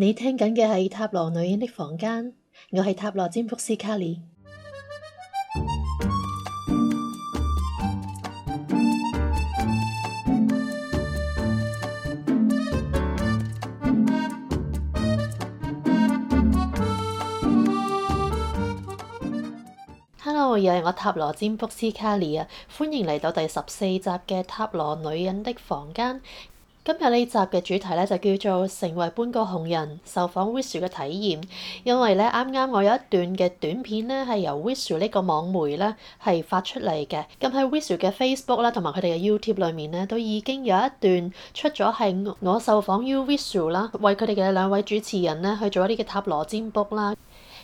你聽緊嘅係塔羅女人的房間，我係塔羅占卜師 Karlie。Hello，又係我塔羅占卜師 Karlie 啊！歡迎嚟到第十四集嘅塔羅女人的房間。今日呢集嘅主題咧就叫做成為半個紅人，受訪 Whistle 嘅體驗。因為咧啱啱我有一段嘅短片咧係由 Whistle 呢個網媒咧係發出嚟嘅。咁喺 Whistle 嘅 Facebook 啦同埋佢哋嘅 YouTube 裡面咧都已經有一段出咗係我受訪 U Whistle 啦，為佢哋嘅兩位主持人咧去做一啲嘅塔羅占卜啦。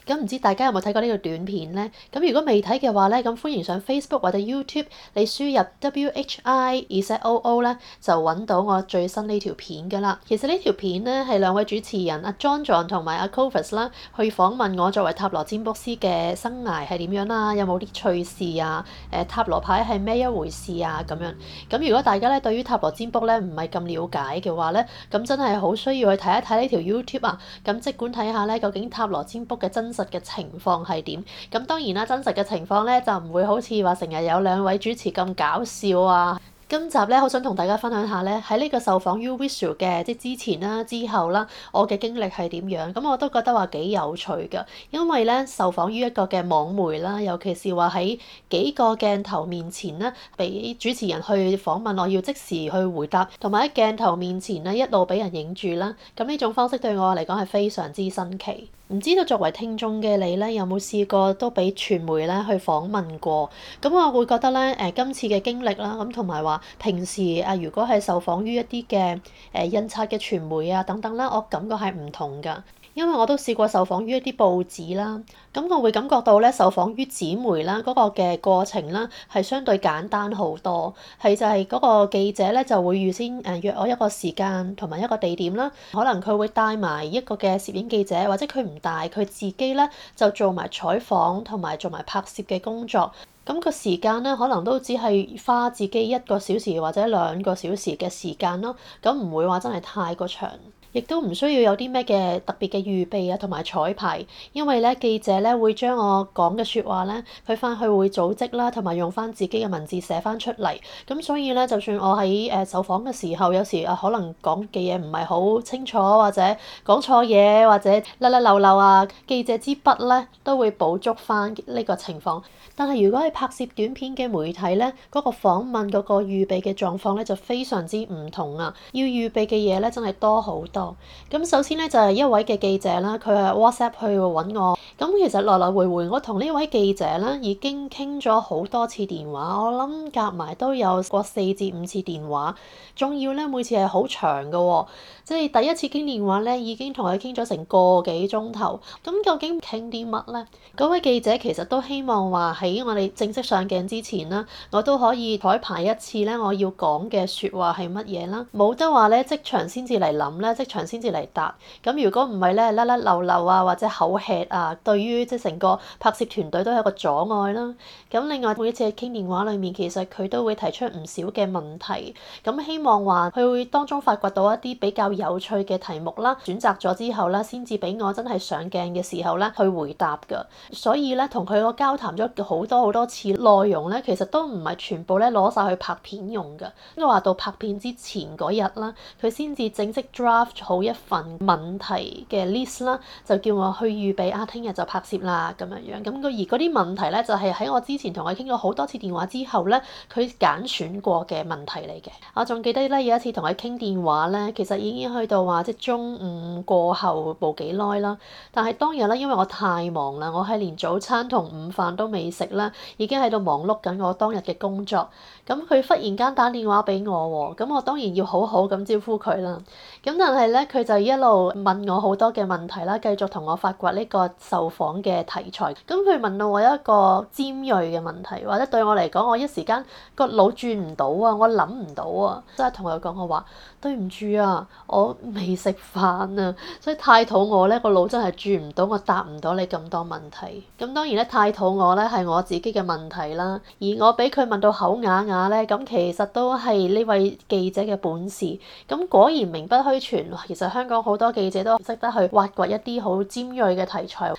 咁唔知大家有冇睇過呢個短片呢？咁如果未睇嘅話呢，咁歡迎上 Facebook 或者 YouTube，你輸入 W H I E S O O 啦，就揾到我最新呢條片噶啦。其實呢條片呢，係兩位主持人阿 John John 同埋阿 Kovacs 啦，去訪問我作為塔羅占卜師嘅生涯係點樣啦，有冇啲趣事啊？誒，塔羅牌係咩一回事啊？咁樣，咁如果大家咧對於塔羅占卜咧唔係咁了解嘅話呢，咁真係好需要去睇一睇呢條 YouTube 啊！咁即管睇下咧，究竟塔羅占卜嘅真～實嘅情況係點？咁當然啦，真實嘅情況呢，就唔會好似話成日有兩位主持咁搞笑啊。今集咧，好想同大家分享下咧，喺呢個受訪 U Visual 嘅即之前啦、之後啦，我嘅經歷係點樣？咁我都覺得話幾有趣㗎，因為咧受訪於一個嘅網媒啦，尤其是話喺幾個鏡頭面前啦，俾主持人去訪問，我要即時去回答，同埋喺鏡頭面前咧一路俾人影住啦。咁呢種方式對我嚟講係非常之新奇。唔知道作為聽眾嘅你咧，有冇試過都俾傳媒咧去訪問過？咁我會覺得咧，誒今次嘅經歷啦，咁同埋話。平時啊，如果係受訪於一啲嘅誒印刷嘅傳媒啊等等啦，我感覺係唔同㗎。因為我都試過受訪於一啲報紙啦，咁我會感覺到咧，受訪於紙媒啦嗰個嘅過程啦，係相對簡單好多。係就係嗰個記者咧就會預先誒約我一個時間同埋一個地點啦，可能佢會帶埋一個嘅攝影記者，或者佢唔帶佢自己咧就做埋採訪同埋做埋拍攝嘅工作。咁個時間咧，可能都只係花自己一個小時或者兩個小時嘅時間咯。咁唔會話真係太過長。亦都唔需要有啲咩嘅特別嘅預備啊，同埋彩排，因為咧記者咧會將我講嘅說話咧，佢翻去會組織啦，同埋用翻自己嘅文字寫翻出嚟。咁所以咧，就算我喺誒受訪嘅時候，有時啊可能講嘅嘢唔係好清楚，或者講錯嘢，或者甩甩漏漏啊，記者支筆咧都會補足翻呢個情況，但係如果係拍攝短片嘅媒體咧，嗰、嗰個訪問嗰個預備嘅狀況咧就非常之唔同啊，要預備嘅嘢咧真係多好多。咁首先咧就係一位嘅記者啦，佢係 WhatsApp 去搵我。咁其實來來回回我同呢位記者咧已經傾咗好多次電話，我諗夾埋都有過四至五次電話，仲要咧每次係好長嘅，即係第一次傾電話咧已經同佢傾咗成個幾鐘頭。咁究竟傾啲乜呢？嗰位記者其實都希望話喺我哋正式上鏡之前呢，我都可以彩排一次咧，我要講嘅說話係乜嘢啦，冇得話咧即場先至嚟諗咧即。場先至嚟答，咁如果唔係咧，甩甩漏漏啊，或者口吃啊，對於即係成個拍攝團隊都有個阻礙啦。咁另外每次傾電話裏面，其實佢都會提出唔少嘅問題，咁希望話佢會當中發掘到一啲比較有趣嘅題目啦，選擇咗之後咧，先至俾我真係上鏡嘅時候咧去回答㗎。所以咧，同佢個交談咗好多好多次內容咧，其實都唔係全部咧攞晒去拍片用㗎。因為話到拍片之前嗰日啦，佢先至正式 draft。好一份問題嘅 list 啦，就叫我去預備啊，聽日就拍攝啦咁樣樣，咁佢而嗰啲問題咧，就係喺我之前同佢傾過好多次電話之後咧，佢揀選過嘅問題嚟嘅。我仲記得咧，有一次同佢傾電話咧，其實已經去到話即係中午過後冇幾耐啦。但係當日咧，因為我太忙啦，我係連早餐同午飯都未食啦，已經喺度忙碌緊我當日嘅工作。咁佢忽然間打電話俾我喎，咁我當然要好好咁招呼佢啦。咁但係。係咧，佢就一路問我好多嘅問題啦，繼續同我發掘呢個受訪嘅題材。咁佢問到我一個尖鋭嘅問題，或者對我嚟講，我一時間個腦轉唔到啊，我諗唔到啊，即係同佢講我話：對唔住啊，我未食飯啊，所以太肚餓咧，個腦真係轉唔到，我答唔到你咁多問題。咁當然咧，太肚餓咧係我自己嘅問題啦。而我俾佢問到口啞啞咧，咁其實都係呢位記者嘅本事。咁果然名不虛傳。其實香港好多記者都識得去挖掘一啲好尖銳嘅題材。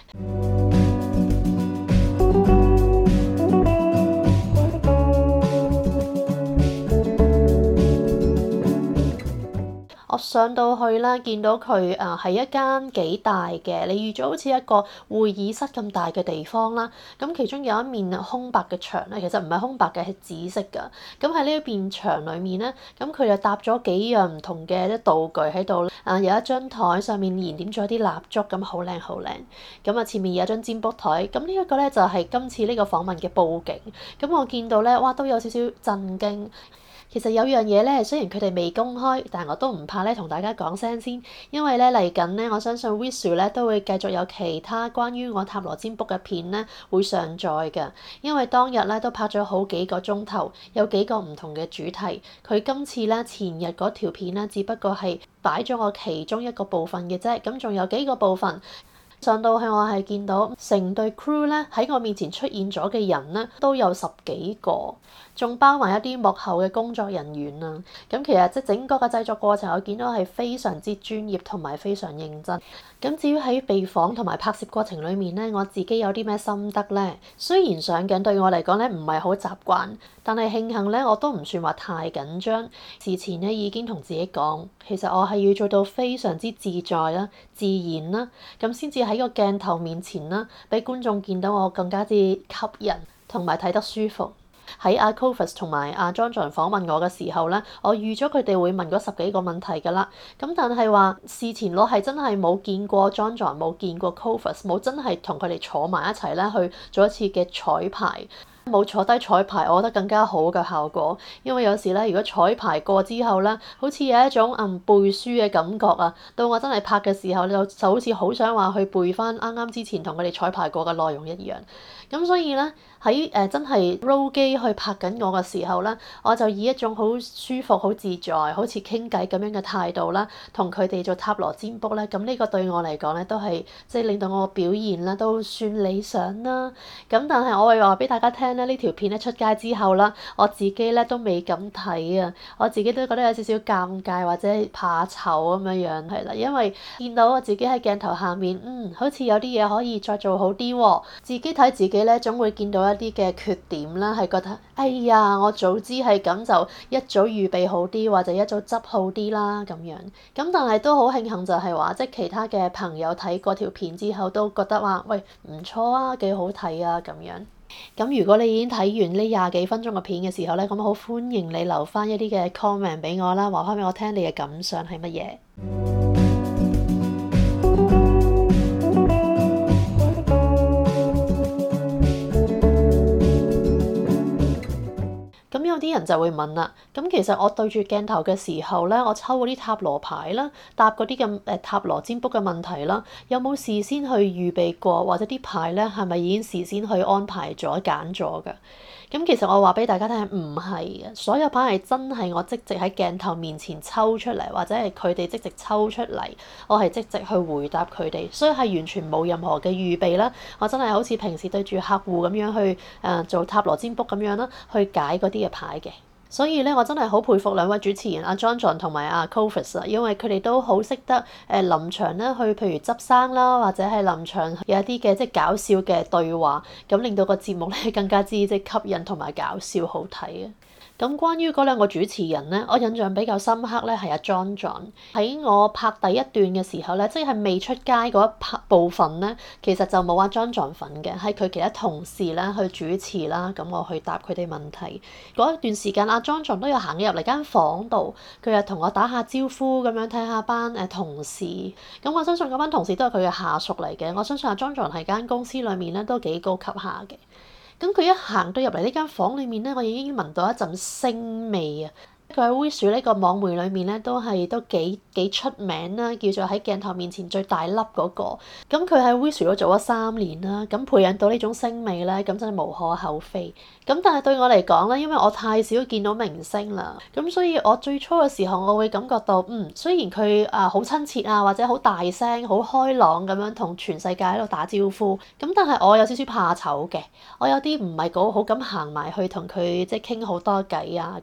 我上到去咧，見到佢啊，係一間幾大嘅，你預咗好似一個會議室咁大嘅地方啦。咁其中有一面空白嘅牆咧，其實唔係空白嘅，係紫色㗎。咁喺呢一邊牆裏面咧，咁佢就搭咗幾樣唔同嘅道具喺度啊，有一張台上面燃點咗啲蠟燭，咁好靚好靚。咁啊，前面有一張占卜台。咁呢一個咧就係今次呢個訪問嘅佈景。咁我見到咧，哇，都有少少震驚。其實有樣嘢咧，雖然佢哋未公開，但係我都唔怕咧，同大家講聲先。因為咧嚟緊咧，我相信 Viu 咧都會繼續有其他關於我塔羅占卜嘅片咧會上載㗎。因為當日咧都拍咗好幾個鐘頭，有幾個唔同嘅主題。佢今次咧前日嗰條片咧，只不過係擺咗我其中一個部分嘅啫。咁仲有幾個部分。上到去我係見到成隊 crew 咧喺我面前出現咗嘅人咧都有十幾個，仲包埋一啲幕後嘅工作人員啊。咁其實即整個嘅製作過程，我見到係非常之專業同埋非常認真。咁至於喺備訪同埋拍攝過程裏面咧，我自己有啲咩心得呢？雖然上鏡對我嚟講咧唔係好習慣。但係慶幸咧，我都唔算話太緊張。事前咧已經同自己講，其實我係要做到非常之自在啦、自然啦，咁先至喺個鏡頭面前啦，俾觀眾見到我更加之吸引，同埋睇得舒服。喺阿 c o v e r s 同埋阿 John John 訪問我嘅時候咧，我預咗佢哋會問嗰十幾個問題㗎啦。咁但係話事前我係真係冇見過 John John，冇見過 c o v e r s，冇真係同佢哋坐埋一齊咧去做一次嘅彩排。冇坐低彩排，我覺得更加好嘅效果。因為有時咧，如果彩排過之後咧，好似有一種嗯背書嘅感覺啊，到我真係拍嘅時候，就就好似好想話去背翻啱啱之前同佢哋彩排過嘅內容一樣。咁所以咧。喺誒真係 roll 機去拍緊我嘅時候啦，我就以一種好舒服、好自在、好似傾偈咁樣嘅態度啦，同佢哋做塔羅占卜咧，咁呢個對我嚟講咧都係即係令到我嘅表現啦都算理想啦。咁但係我會話俾大家聽咧，呢條片咧出街之後啦，我自己咧都未敢睇啊，我自己都覺得有少少尷尬或者怕醜咁樣樣係啦，因為見到我自己喺鏡頭下面，嗯，好似有啲嘢可以再做好啲喎，自己睇自己咧總會見到一啲嘅缺點啦，係覺得哎呀，我早知係咁就一早預備好啲，或者一早執好啲啦咁樣。咁但係都好慶幸就，就係話即係其他嘅朋友睇過條片之後都覺得話喂，唔錯啊，幾好睇啊咁樣。咁如果你已經睇完呢廿幾分鐘嘅片嘅時候呢，咁好歡迎你留翻一啲嘅 comment 俾我啦，話翻俾我聽你嘅感想係乜嘢。有啲人就會問啦，咁其實我對住鏡頭嘅時候咧，我抽嗰啲塔羅牌啦，答嗰啲咁誒塔羅占卜嘅問題啦，有冇事先去預備過，或者啲牌咧係咪已經事先去安排咗、揀咗㗎？咁其實我話俾大家聽，唔係嘅，所有牌係真係我即席喺鏡頭面前抽出嚟，或者係佢哋即席抽出嚟，我係即席去回答佢哋，所以係完全冇任何嘅預備啦。我真係好似平時對住客戶咁樣去誒做塔羅占卜咁樣啦，去解嗰啲嘅牌嘅。所以咧，我真係好佩服兩位主持人阿 John John 同埋阿 Covid 啊，因為佢哋都好識得誒臨場咧去，譬如執生啦，或者係臨場有一啲嘅即係搞笑嘅對話，咁令到個節目咧更加之即係吸引同埋搞笑好睇嘅。咁關於嗰兩個主持人咧，我印象比較深刻咧係阿 John John。喺我拍第一段嘅時候咧，即係未出街嗰一拍部分咧，其實就冇阿 John John 份嘅，係佢其他同事咧去主持啦。咁我去答佢哋問題嗰一段時間，阿 John John 都有行入嚟間房度，佢又同我打下招呼咁樣睇下班誒同事。咁我相信嗰班同事都係佢嘅下屬嚟嘅。我相信阿 John John 喺間公司裡面咧都幾高級下嘅。咁佢一行到入嚟呢間房裏面咧，我已經聞到一陣腥味啊！佢喺 w i s h a 呢個網媒裏面咧，都係都幾幾出名啦，叫做喺鏡頭面前最大粒嗰、嗰個。咁佢喺 w i s h a 都做咗三年啦，咁培養到呢種聲味咧，咁真係無可厚非。咁但係對我嚟講咧，因為我太少見到明星啦，咁所以我最初嘅時候，我會感覺到，嗯，雖然佢啊好親切啊，或者好大聲、好開朗咁樣同全世界喺度打招呼，咁但係我有少少怕醜嘅，我有啲唔係好好咁行埋去同佢即係傾好多偈啊。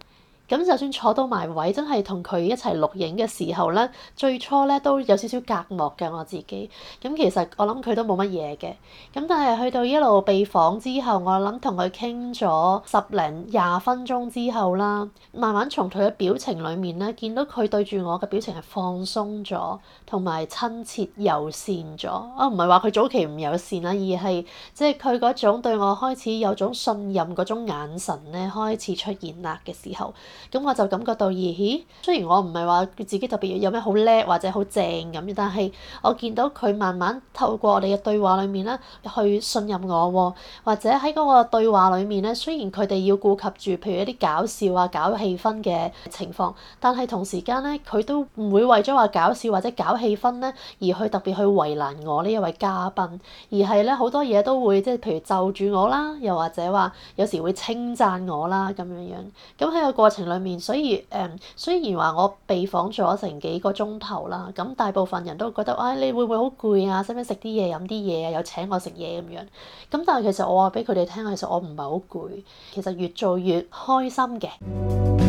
咁就算坐到埋位，真係同佢一齊錄影嘅時候咧，最初咧都有少少隔膜嘅我自己。咁其實我諗佢都冇乜嘢嘅。咁但係去到一路被訪之後，我諗同佢傾咗十零廿分鐘之後啦，慢慢從佢嘅表情裡面咧，見到佢對住我嘅表情係放鬆咗，同埋親切友善咗。啊，唔係話佢早期唔友善啦，而係即係佢嗰種對我開始有種信任嗰種眼神咧，開始出現啦嘅時候。咁我就感覺到，咦？雖然我唔係話佢自己特別有咩好叻或者好正咁，但係我見到佢慢慢透過我哋嘅對話裏面啦，去信任我喎。或者喺嗰個對話裏面咧，雖然佢哋要顧及住，譬如一啲搞笑啊、搞氣氛嘅情況，但係同時間咧，佢都唔會為咗話搞笑或者搞氣氛咧，而去特別去為難我呢一位嘉賓，而係咧好多嘢都會即係譬如就住我啦，又或者話有時會稱讚我啦咁樣樣。咁喺個過程裡面，所以誒、嗯，雖然話我被訪咗成幾個鐘頭啦，咁大部分人都覺得，哎，你會唔會好攰啊？使唔使食啲嘢、飲啲嘢啊？又請我食嘢咁樣，咁但係其實我話俾佢哋聽，其實我唔係好攰，其實越做越開心嘅。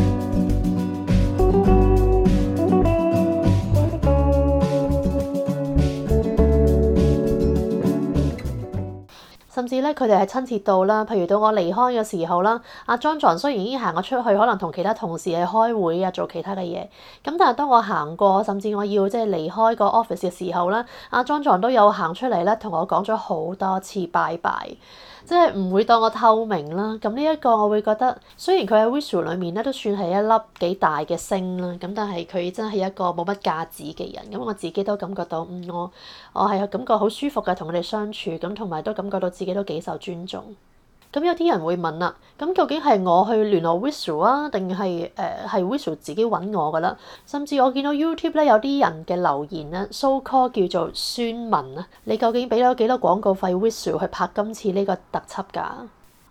甚至咧，佢哋係親切到啦。譬如到我離開嘅時候啦，阿 John John 雖然已經行咗出去，可能同其他同事係開會啊，做其他嘅嘢。咁但係當我行過，甚至我要即係離開個 office 嘅時候啦，阿 John John 都有行出嚟咧，同我講咗好多次拜拜。即係唔會當我透明啦。咁呢一個我會覺得，雖然佢喺 whistle 裏面咧都算係一粒幾大嘅星啦。咁但係佢真係一個冇乜價值嘅人。咁我自己都感覺到，嗯，我我係感覺好舒服嘅，同佢哋相處。咁同埋都感覺到自己都幾受尊重。咁有啲人會問啦，咁究竟係我去聯絡 Whistle 啊，定係誒係 Whistle 自己揾我㗎啦？甚至我見到 YouTube 咧有啲人嘅留言啦，SoCall 叫做宣文啊，你究竟俾咗幾多廣告費 Whistle 去拍今次呢個特輯㗎？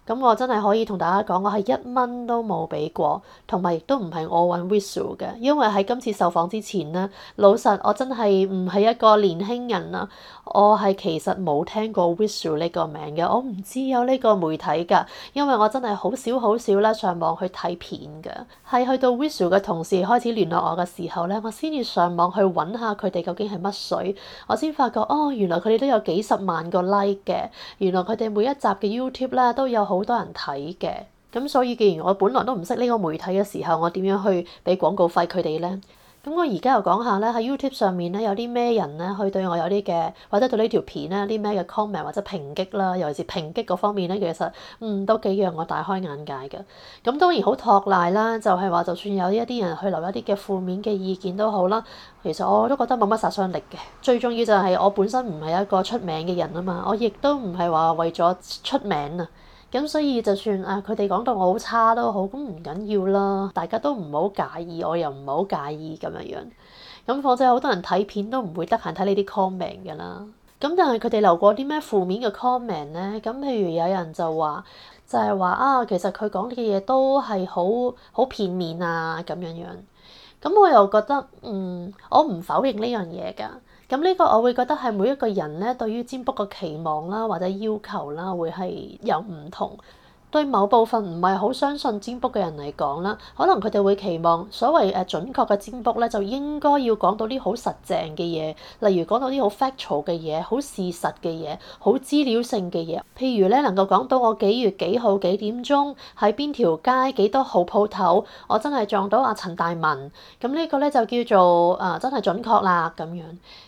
咁我真係可以同大家講，我係一蚊都冇俾過，同埋亦都唔係我揾 Whistle 嘅，因為喺今次受訪之前咧，老實我真係唔係一個年輕人啊，我係其實冇聽過 Whistle 呢個名嘅，我唔知有呢個媒體㗎，因為我真係好少好少咧上網去睇片㗎，係去到 Whistle 嘅同事開始聯絡我嘅時候咧，我先至上網去揾下佢哋究竟係乜水，我先發覺哦原來佢哋都有幾十萬個 like 嘅，原來佢哋每一集嘅 YouTube 咧都有好多人睇嘅咁，所以既然我本來都唔識呢個媒體嘅時候，我點樣去俾廣告費佢哋呢？咁我而家又講下咧，喺 YouTube 上面咧有啲咩人咧去對我有啲嘅或者對呢條片咧有啲咩嘅 comment 或者評擊啦，尤其是評擊嗰方面咧，其實嗯都幾讓我大開眼界㗎。咁當然好託賴啦，就係話就算有一啲人去留一啲嘅負面嘅意見都好啦，其實我都覺得冇乜殺傷力嘅。最重要就係我本身唔係一個出名嘅人啊嘛，我亦都唔係話為咗出名啊。咁所以就算啊，佢哋講到我好差都好，咁唔緊要啦，大家都唔好介意，我又唔好介意咁樣樣。咁況且好多人睇片都唔會得閒睇呢啲 comment 㗎啦。咁但係佢哋留過啲咩負面嘅 comment 咧？咁譬如有人就話，就係話啊，其實佢講嘅嘢都係好好片面啊咁樣樣。咁我又覺得，嗯，我唔否認呢樣嘢㗎。咁呢個我會覺得係每一個人咧，對於占卜個期望啦，或者要求啦，會係有唔同。對某部分唔係好相信占卜嘅人嚟講啦，可能佢哋會期望所謂誒準確嘅占卜咧，就應該要講到啲好實證嘅嘢，例如講到啲好 factual 嘅嘢、好事實嘅嘢、好資料性嘅嘢。譬如咧，能夠講到我幾月幾號幾點鐘喺邊條街幾多號鋪頭，我真係撞到阿陳大文，咁呢個咧就叫做誒、啊、真係準確啦咁樣。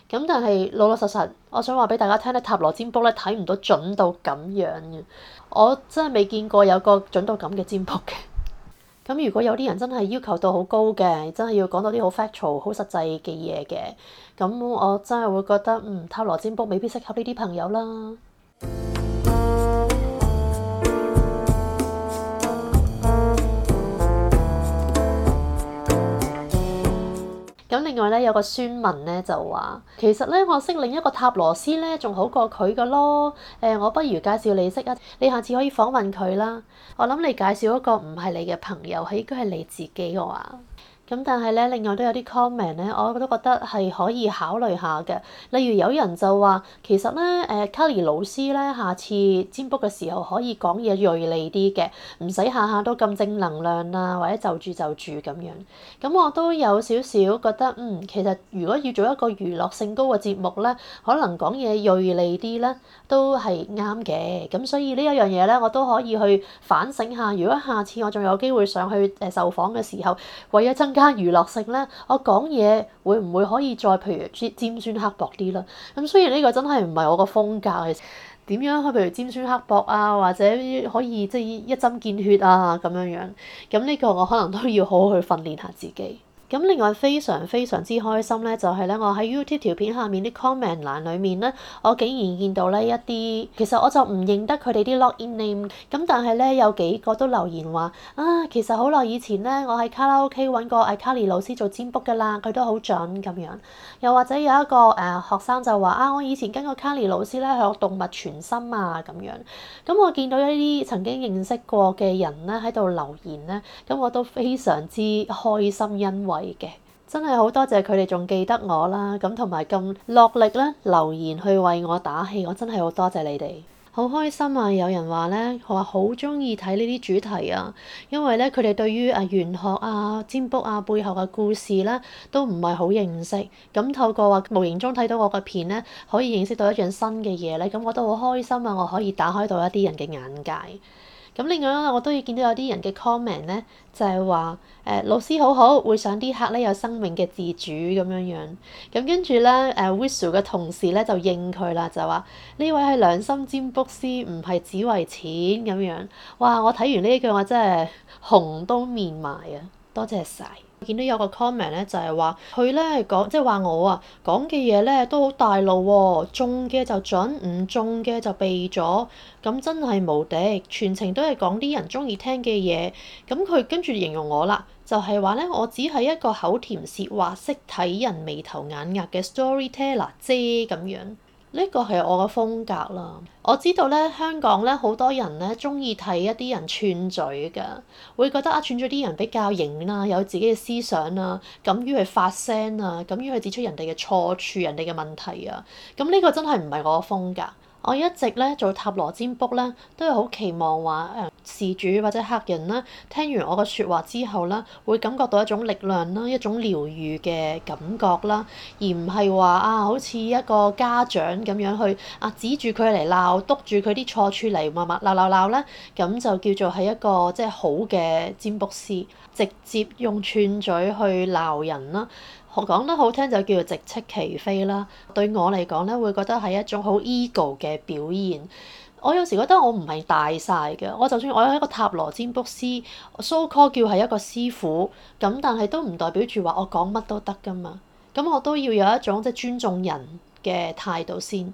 咁但係老老實實，我想話俾大家聽咧，塔羅占卜咧睇唔到準到咁樣嘅，我真係未見過有個準到咁嘅占卜嘅。咁 如果有啲人真係要求到好高嘅，真係要講到啲好 factual 很、好實際嘅嘢嘅，咁我真係會覺得，嗯，塔羅占卜未必適合呢啲朋友啦。咁另外咧，有個孫文咧就話，其實咧，我識另一個塔羅師咧，仲好過佢㗎囉。誒、呃，我不如介紹你識啊，你下次可以訪問佢啦。我諗你介紹一個唔係你嘅朋友，係應該係你自己嘅話。咁但係咧，另外都有啲 comment 咧，我都覺得係可以考慮下嘅。例如有人就話，其實咧，誒 Carrie 老師咧，下次占卜嘅時候可以講嘢鋭利啲嘅，唔使下下都咁正能量啊，或者就住就住咁樣。咁我都有少少覺得，嗯，其實如果要做一個娛樂性高嘅節目咧，可能講嘢鋭利啲咧，都係啱嘅。咁所以呢一樣嘢咧，我都可以去反省下。如果下次我仲有機會上去誒受訪嘅時候，為咗增加加娛樂性咧，我講嘢會唔會可以再譬如尖尖酸刻薄啲啦？咁雖然呢個真係唔係我嘅風格，點樣去譬如尖酸刻薄啊，或者可以即係一針見血啊咁樣樣，咁、這、呢個我可能都要好好去訓練下自己。咁另外非常非常之開心咧，就係咧，我喺 YouTube 條片下面啲 comment 欄裏面咧，我竟然見到咧一啲，其實我就唔認得佢哋啲 login name，咁但係咧，有幾個都留言話啊，其實好耐以前咧，我喺卡拉 OK 揾過阿卡尼老師做占卜㗎啦，佢都好準咁樣，又或者有一個誒、呃、學生就話啊，我以前跟過卡尼老師咧學動物傳心啊咁樣，咁、嗯、我見到一啲曾經認識過嘅人咧喺度留言咧，咁、嗯、我都非常之開心，欣慰。嘅，真係好多謝佢哋仲記得我啦，咁同埋咁落力咧留言去為我打氣，我真係好多謝你哋，好開心啊！有人話咧，佢話好中意睇呢啲主題啊，因為咧佢哋對於啊玄學啊占卜啊背後嘅故事咧都唔係好認識，咁透過話無形中睇到我嘅片咧，可以認識到一樣新嘅嘢咧，咁我都好開心啊！我可以打開到一啲人嘅眼界。咁另外我都要見到有啲人嘅 comment 咧，就係話誒老師好好，會想啲客咧有生命嘅自主咁樣樣。咁跟住咧，誒 Whistle 嘅同事咧就應佢啦，就話呢位係良心占卜師，唔係只為錢咁樣。哇！我睇完呢一句話真係紅到面埋啊，多謝晒。見到有個 comment 咧，就係話佢咧講，即係話我啊講嘅嘢咧都好大路喎、哦，中嘅就準，唔中嘅就避咗，咁真係無敵，全程都係講啲人中意聽嘅嘢，咁佢跟住形容我啦，就係話咧我只係一個口甜舌滑、識睇人眉頭眼額嘅 storyteller 啫咁樣。呢個係我嘅風格啦！我知道咧，香港咧好多人咧中意睇一啲人串嘴嘅，會覺得啊串嘴啲人比較型啦、啊，有自己嘅思想啦，敢於去發聲啊，敢於去、啊、去指出人哋嘅錯處、人哋嘅問題啊！咁、嗯、呢、呢個真係唔係我嘅風格。我一直咧做塔羅占卜咧，都係好期望話誒，嗯事主或者客人啦，聽完我嘅說話之後啦，會感覺到一種力量啦，一種療愈嘅感覺啦，而唔係話啊，好似一個家長咁樣去啊指住佢嚟鬧，督住佢啲錯處嚟罵罵鬧鬧鬧咧，咁就叫做係一個即係、就是、好嘅占卜師直接用串嘴去鬧人啦。講得好聽就叫做直斥其非啦。對我嚟講咧，會覺得係一種好 ego 嘅表現。我有時覺得我唔係大晒嘅，我就算我有一個塔羅占卜師，so call 叫係一個師傅咁，但係都唔代表住話我講乜都得噶嘛。咁我都要有一種即係尊重人嘅態度先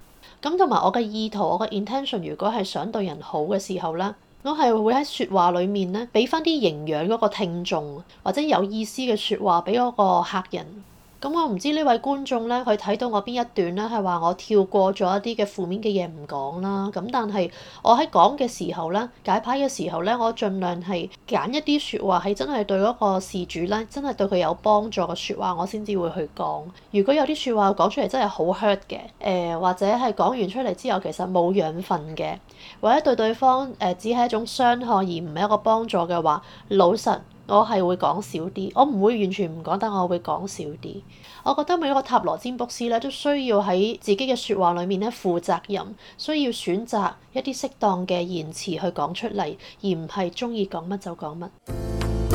咁，同埋我嘅意圖，我嘅 intention 如果係想對人好嘅時候咧，我係會喺説話裡面咧俾翻啲營養嗰個聽眾或者有意思嘅説話俾嗰個客人。咁、嗯、我唔知呢位觀眾咧，佢睇到我邊一段咧，係話我跳過咗一啲嘅負面嘅嘢唔講啦。咁但係我喺講嘅時候咧，解牌嘅時候咧，我盡量係揀一啲説話係真係對嗰個事主咧，真係對佢有幫助嘅説話，我先至會去講。如果有啲説話講出嚟真係好 hurt 嘅，誒、呃、或者係講完出嚟之後其實冇養分嘅，或者對對方誒、呃、只係一種傷害而唔係一個幫助嘅話，老實，我係會講少啲，我唔會完全唔講，但我會講少啲。我覺得每一個塔羅占卜師咧，都需要喺自己嘅説話裏面咧，負責任，需要選擇一啲適當嘅言辭去講出嚟，而唔係中意講乜就講乜。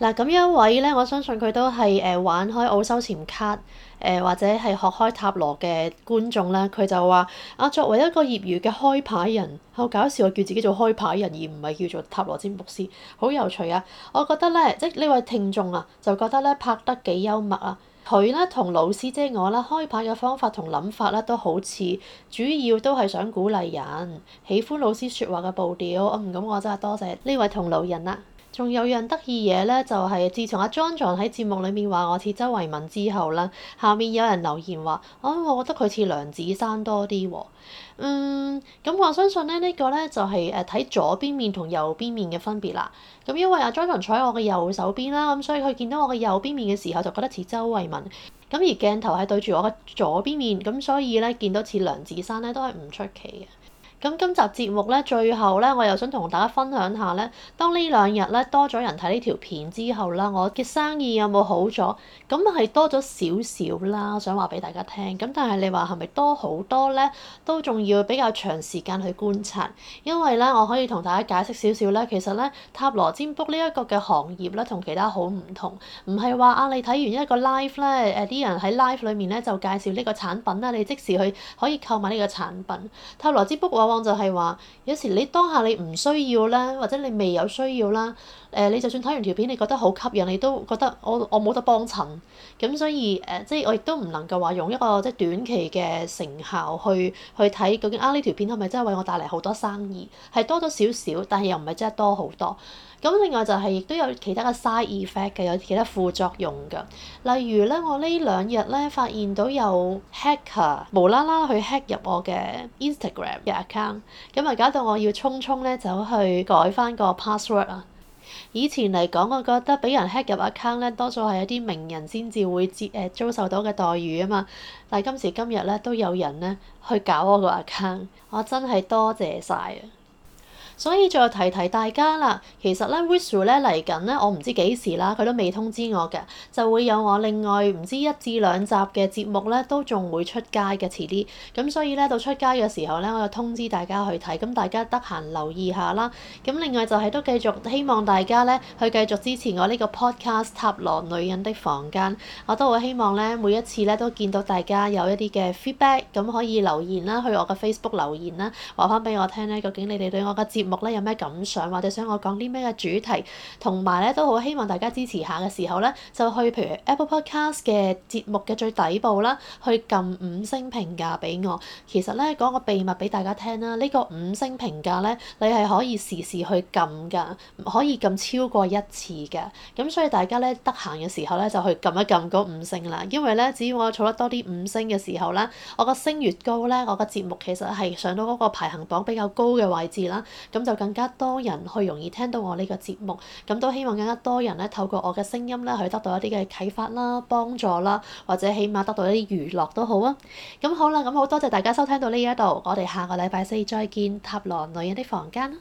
嗱咁樣一位咧，我相信佢都係誒、呃、玩開澳洲潛卡誒、呃，或者係學開塔羅嘅觀眾啦。佢就話啊，作為一個業餘嘅開牌人，好、哦、搞笑，我叫自己做開牌人而唔係叫做塔羅占卜師，好有趣啊！我覺得咧，即呢位聽眾啊，就覺得咧拍得幾幽默啊。佢咧同老師即係我啦，開牌嘅方法同諗法咧都好似，主要都係想鼓勵人，喜歡老師説話嘅步調。嗯，咁我真係多謝呢位同路人啦、啊。仲有樣得意嘢咧，就係、是、自從阿莊 sir 喺節目裏面話我似周慧敏之後咧，下面有人留言話：啊，我覺得佢似梁子珊多啲喎。嗯，咁我相信咧，呢個咧就係誒睇左邊面同右邊面嘅分別啦。咁因為阿莊 sir 坐喺我嘅右手邊啦，咁所以佢見到我嘅右邊面嘅時候就覺得似周慧敏。咁而鏡頭係對住我嘅左邊面，咁所以咧見到似梁子珊咧都係唔出奇嘅。咁今集節目咧，最後咧，我又想同大家分享下咧。當呢兩日咧多咗人睇呢條片之後啦，我嘅生意有冇好咗？咁係多咗少少啦，想話俾大家聽。咁但係你話係咪多好多咧？都仲要比較長時間去觀察，因為咧我可以同大家解釋少少咧。其實咧，塔羅占卜呢一個嘅行業咧，同其他好唔同，唔係話啊你睇完一個 live 咧，誒啲人喺 live 裡面咧就介紹呢個產品啦，你即時去可以購買呢個產品。塔羅占卜我～就係話，有時你當下你唔需要啦，或者你未有需要啦。誒，你就算睇完條片，你覺得好吸引，你都覺得我我冇得幫襯咁，所以誒，即係我亦都唔能夠話用一個即係短期嘅成效去去睇究竟啊呢條片係咪真係為我帶嚟好多生意？係多咗少少，但係又唔係真係多好多。咁另外就係亦都有其他嘅 side effect 嘅，有其他副作用㗎。例如咧，我呢兩日咧發現到有 hacker 無啦啦去 hack 入我嘅 Instagram 嘅 account，咁啊搞到我要匆匆咧走去改翻個 password 啊！以前嚟講，我覺得俾人 hack 入 account 咧，多數係一啲名人先至會接誒遭受到嘅待遇啊嘛。但係今時今日咧，都有人咧去搞我個 account，我真係多謝晒啊！所以再提提大家啦，其實咧 wishful 咧嚟緊咧，我唔知幾時啦，佢都未通知我嘅，就會有我另外唔知一至兩集嘅節目咧，都仲會出街嘅，遲啲。咁所以咧到出街嘅時候咧，我就通知大家去睇，咁大家得閒留意下啦。咁另外就係都繼續希望大家咧去繼續支持我呢個 podcast《塔羅女人的房間》，我都好希望咧每一次咧都見到大家有一啲嘅 feedback，咁可以留言啦，去我嘅 Facebook 留言啦，話翻俾我聽咧，究竟你哋對我嘅節目咧有咩感想，或者想我講啲咩嘅主題，同埋咧都好希望大家支持下嘅時候咧，就去譬如 Apple Podcast 嘅節目嘅最底部啦，去撳五星評價俾我。其實咧，講個秘密俾大家聽啦，呢個五星評價咧，你係可以時時去撳噶，可以撳超過一次噶。咁所以大家咧，得閒嘅時候咧，就去撳一撳嗰五星啦。因為咧，只要我儲得多啲五星嘅時候咧，我個星越高咧，我個節目其實係上到嗰個排行榜比較高嘅位置啦。咁就更加多人去容易聽到我呢個節目，咁都希望更加多人咧透過我嘅聲音咧去得到一啲嘅啟發啦、幫助啦，或者起碼得到一啲娛樂都好啊。咁好啦，咁好多謝大家收聽到呢一度，我哋下個禮拜四再見，《塔羅女人的房間》啦。